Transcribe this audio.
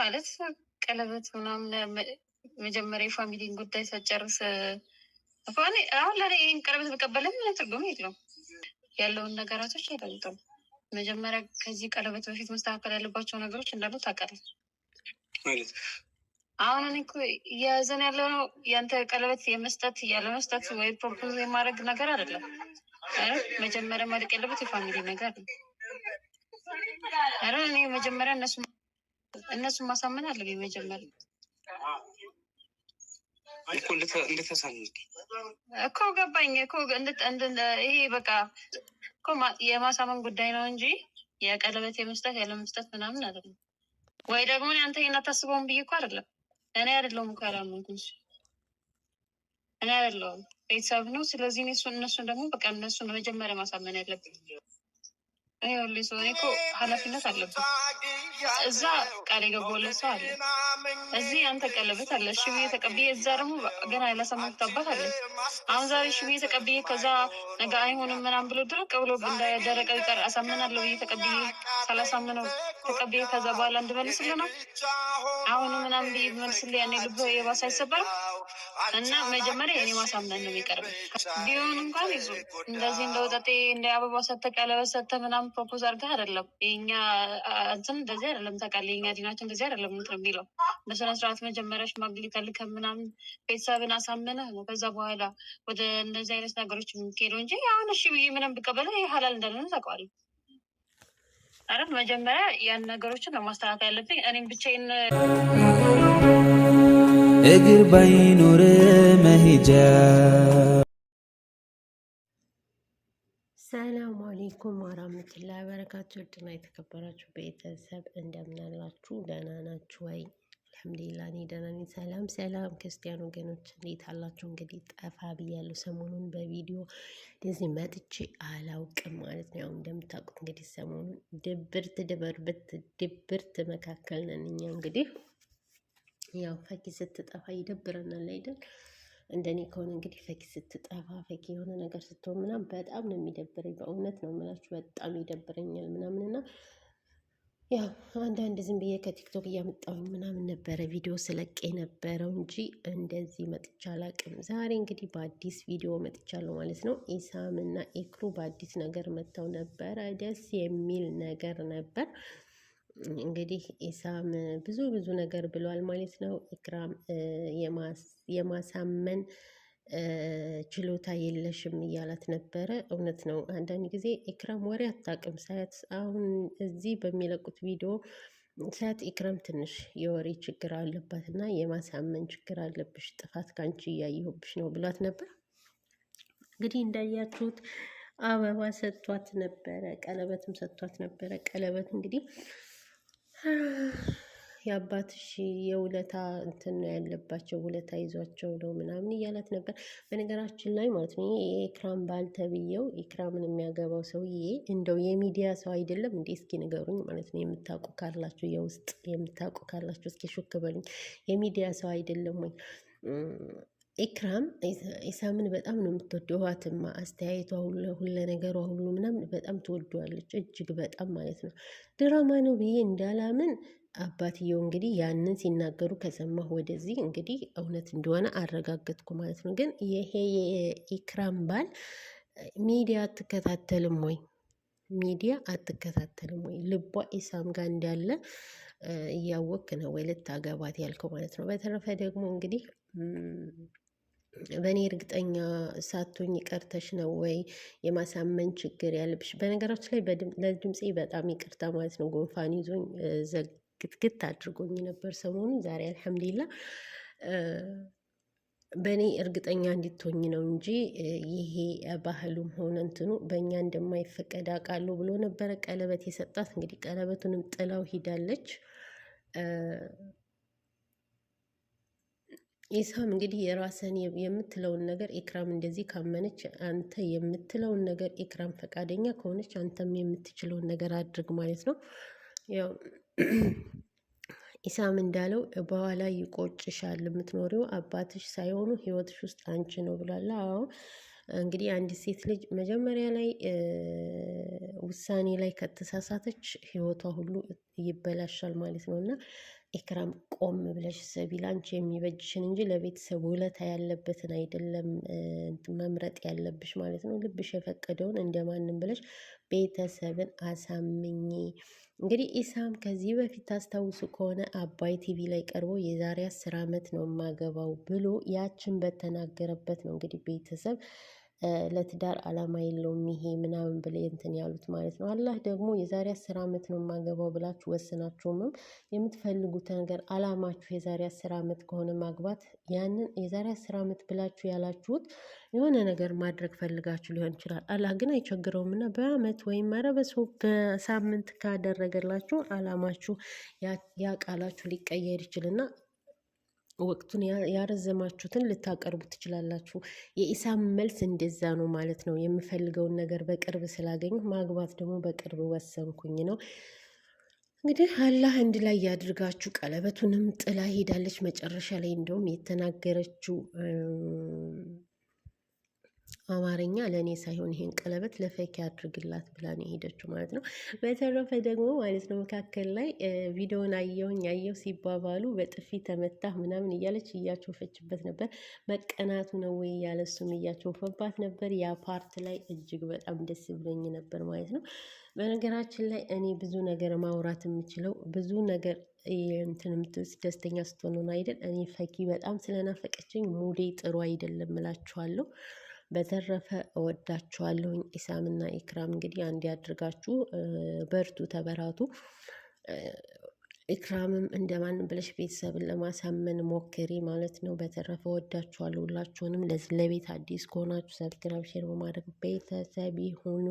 ማለት ቀለበት ምናምን መጀመሪያ የፋሚሊን ጉዳይ ሳጨርስ አሁን ለእኔ ይህን ቀለበት መቀበል ምን ትርጉም የለውም። ያለውን ነገራቶች አይደምጠም። መጀመሪያ ከዚህ ቀለበት በፊት መስተካከል ያለባቸው ነገሮች እንዳሉ ታውቃለህ። አሁን እኔ እኮ እያያዘን ያለው ነው ያንተ ቀለበት የመስጠት ያለመስጠት ወይ ፕሮፖዝ የማድረግ ነገር አይደለም። መጀመሪያ ማድረግ ያለበት የፋሚሊ ነገር ነው። ኧረ እኔ መጀመሪያ እነሱ እነሱ ማሳመን አለብኝ። መጀመሪያ እኮ ገባኝ እኮ ይሄ በቃ እኮ የማሳመን ጉዳይ ነው እንጂ የቀለበት የመስጠት ያለመስጠት ምናምን አይደለም። ወይ ደግሞ አንተ ይህን አታስበውን ብዬ እኮ አይደለም። እኔ አይደለሁም እኮ ያላመንኩት እኔ አይደለሁም ቤተሰብ ነው። ስለዚህ እነሱን ደግሞ በቃ እነሱን መጀመሪያ ማሳመን ያለብኝ ሰው እኮ ኃላፊነት አለብን። እዛ ቃል የገባሁለት ሰው አለ፣ እዚህ አንተ ቀለበት አለ እሺ ብዬ ተቀብዬ፣ እዛ ደግሞ ገና ያላሰማሁት አባት አለ። አሁን ዛሬ እሺ ተቀብዬ፣ ከዛ ነገ አይሆንም ምናምን ብሎ ድረቅ ብሎ እንዳደረቀ ይቀር አሳምናለሁ ብዬ ተቀብዬ ሳላሳምነው ተቀብዬ ከዛ በኋላ እንድመልስል ነው። አሁን ምናምን ብዬ መልስል ያኔ ልብህ የባስ አይሰበርም እና መጀመሪያ የኔ ማሳምነን ነው የሚቀርብ ቢሆን እንኳን ይዙ እንደዚህ እንደ ወጠጤ እንደ አበባ ሰተህ ቀለበት ሰተህ ምናምን ፕሮፖዝ አድርገህ አይደለም። የኛ እንትን እንደዚህ አይደለም ታውቃለህ። የኛ ዲናችን እንደዚህ አይደለም እንትን የሚለው በስነ ስርዓት መጀመሪያ ሽማግሌ ተልከህ ምናምን ቤተሰብን አሳምነህ ነው ከዛ በኋላ ወደ እነዚህ አይነት ነገሮች የምትሄደው እንጂ አሁን እሺ ብዬ ምንም ብቀበልህ ይህ ሀላል እንዳልሆነ ታውቀዋለህ። ማለት መጀመሪያ ያን ነገሮችን ለማስተካከል ያለብኝ እኔም ብቻዬን እግር ባይኖር መሄጃ። ሰላም አሌይኩም ወራህመቱላ በረካችሁ። እድና የተከበራችሁ ቤተሰብ እንደምናላችሁ፣ አላችሁ? ደህና ናችሁ ወይ? አልሐምዱሊላ እኔ ደህና ነኝ። ሰላም ሰላም ክርስቲያን ወገኖች እንዴት አላችሁ? እንግዲህ ጠፋ ብያለሁ። ሰሞኑን በቪዲዮ እንደዚህ መጥቼ አላውቅም ማለት ነው። እንግዲህ ሰሞኑን ድብርት ድበርብት ድብርት መካከል ነን እኛ። እንግዲህ ያው ፈኪ ስትጠፋ ይደብረናል አይደል? እንደኔ ከሆነ እንግዲህ ፈኪ ስትጠፋ ፈኪ የሆነ ነገር ስትሆን ምናምን በጣም ነው የሚደብረኝ። በእውነት ነው የምላችሁ በጣም ይደብረኛል ምናምንና ያው አንዳንድ ዝም ብዬ ከቲክቶክ እያመጣሁኝ ምናምን ነበረ ቪዲዮ ስለቅ የነበረው እንጂ እንደዚህ መጥቻ አላቅም። ዛሬ እንግዲህ በአዲስ ቪዲዮ መጥቻለሁ ማለት ነው። ኢሳም እና ኤክሩ በአዲስ ነገር መጥተው ነበረ። ደስ የሚል ነገር ነበር። እንግዲህ ኢሳም ብዙ ብዙ ነገር ብሏል ማለት ነው። ኢክራም የማሳመን ችሎታ የለሽም እያላት ነበረ። እውነት ነው። አንዳንድ ጊዜ ኢክራም ወሬ አታውቅም። ሳያት አሁን እዚህ በሚለቁት ቪዲዮ ሳያት ኢክራም ትንሽ የወሬ ችግር አለባት እና የማሳመን ችግር አለብሽ፣ ጥፋት ከአንቺ እያየሁብሽ ነው ብሏት ነበር። እንግዲህ እንዳያችሁት አበባ ሰጥቷት ነበረ፣ ቀለበትም ሰጥቷት ነበረ። ቀለበት እንግዲህ የአባትሽ የውለታ እንትን ነው ያለባቸው ውለታ ይዟቸው ነው ምናምን እያላት ነበር። በነገራችን ላይ ማለት ነው ይሄ ኤክራም ባል ተብዬው ኤክራምን የሚያገባው ሰውዬ እንደው የሚዲያ ሰው አይደለም እንዴ? እስኪ ንገሩኝ ማለት ነው የምታውቁ ካላችሁ፣ የውስጥ የምታውቁ ካላችሁ እስኪ ሹክ በሉኝ። የሚዲያ ሰው አይደለም ወይ? ኤክራም ኢሳምን በጣም ነው የምትወደው። ውሃትማ አስተያየቷ ሁለ ነገሯ ሁሉ ምናምን በጣም ትወደዋለች፣ እጅግ በጣም ማለት ነው። ድራማ ነው ብዬ እንዳላምን አባትየው እንግዲህ ያንን ሲናገሩ ከሰማሁ ወደዚህ እንግዲህ እውነት እንደሆነ አረጋገጥኩ ማለት ነው። ግን ይሄ የኤክራም ባል ሚዲያ አትከታተልም ወይ? ሚዲያ አትከታተልም ወይ? ልቧ ኢሳም ጋር እንዳለ እያወክ ነው ወይ ልታገባት ያልከው ማለት ነው። በተረፈ ደግሞ እንግዲህ በእኔ እርግጠኛ ሳቶኝ ቀርተሽ ነው ወይ የማሳመን ችግር ያለብሽ? በነገራችን ላይ ለድምፄ በጣም ይቅርታ ማለት ነው። ጉንፋን ይዞኝ ዘግትግት አድርጎኝ ነበር ሰሞኑን። ዛሬ አልሐምዱሊላ በእኔ እርግጠኛ እንድትሆኝ ነው እንጂ ይሄ ባህሉም ሆነ እንትኑ በእኛ እንደማይፈቀድ አውቃለሁ ብሎ ነበረ ቀለበት የሰጣት። እንግዲህ ቀለበቱንም ጥላው ሂዳለች። ኢሳም እንግዲህ የራስህን የምትለውን ነገር ኤክራም እንደዚህ ካመነች አንተ የምትለውን ነገር ኤክራም ፈቃደኛ ከሆነች አንተም የምትችለውን ነገር አድርግ ማለት ነው። ያው ኢሳም እንዳለው በኋላ ይቆጭሻል፣ የምትኖሪው አባትሽ ሳይሆኑ ህይወትሽ ውስጥ አንቺ ነው ብላለ። አዎ እንግዲህ አንዲት ሴት ልጅ መጀመሪያ ላይ ውሳኔ ላይ ከተሳሳተች ህይወቷ ሁሉ ይበላሻል ማለት ነው እና ኢክራም ቆም ብለሽ ሰቢ ላንቺ የሚበጅሽን እንጂ ለቤተሰብ ውለታ ያለበትን አይደለም መምረጥ ያለብሽ ማለት ነው። ልብሽ የፈቀደውን እንደማንም ብለሽ ቤተሰብን አሳምኚ። እንግዲህ ኢሳም ከዚህ በፊት ታስታውሱ ከሆነ አባይ ቲቪ ላይ ቀርቦ የዛሬ አስር ዓመት ነው የማገባው ብሎ ያችን በተናገረበት ነው እንግዲህ ቤተሰብ ለትዳር አላማ የለውም ይሄ ምናምን ብለ እንትን ያሉት ማለት ነው። አላህ ደግሞ የዛሬ አስር ዓመት ነው የማገባው ብላችሁ ወስናችሁምም የምትፈልጉት ነገር አላማችሁ የዛሬ አስር ዓመት ከሆነ ማግባት ያንን የዛሬ አስር ዓመት ብላችሁ ያላችሁት የሆነ ነገር ማድረግ ፈልጋችሁ ሊሆን ይችላል። አላህ ግን አይቸግረውም እና በዓመት ወይም ኧረ በሳምንት ካደረገላችሁ አላማችሁ ያ ቃላችሁ ሊቀየር ይችልና ወቅቱን ያረዘማችሁትን ልታቀርቡ ትችላላችሁ። የኢሳም መልስ እንደዛ ነው ማለት ነው። የምፈልገውን ነገር በቅርብ ስላገኝ ማግባት ደግሞ በቅርብ ወሰንኩኝ ነው እንግዲህ። አላህ አንድ ላይ ያድርጋችሁ። ቀለበቱንም ጥላ ሄዳለች መጨረሻ ላይ እንደውም የተናገረችው አማርኛ ለእኔ ሳይሆን ይሄን ቀለበት ለፈኪ አድርግላት ብላ ነው የሄደችው ማለት ነው። በተረፈ ደግሞ ማለት ነው መካከል ላይ ቪዲዮን አየሁኝ አየሁ ሲባባሉ በጥፊ ተመታ ምናምን እያለች እያቾፈችበት ነበር። መቀናቱ ነው ወይ እያለ እሱም እያቾፈባት ነበር። ያ ፓርት ላይ እጅግ በጣም ደስ ብሎኝ ነበር ማለት ነው። በነገራችን ላይ እኔ ብዙ ነገር ማውራት የምችለው ብዙ ነገር እንትን ደስተኛ ስትሆን አይደል? እኔ ፈኪ በጣም ስለናፈቀችኝ ሙዴ ጥሩ አይደለም እላችኋለሁ። በተረፈ እወዳችኋለሁኝ። ኢሳምና ኢክራም እንግዲህ አንድ ያድርጋችሁ። በርቱ፣ ተበራቱ። ኢክራምም እንደማን ብለሽ ቤተሰብን ለማሳመን ሞክሪ ማለት ነው። በተረፈ እወዳችኋለሁ ሁላችሁንም። ለዚህ ለቤት አዲስ ከሆናችሁ ሰብስክራይብ፣ ሼር በማድረግ ቤተሰብ ይሁኑ።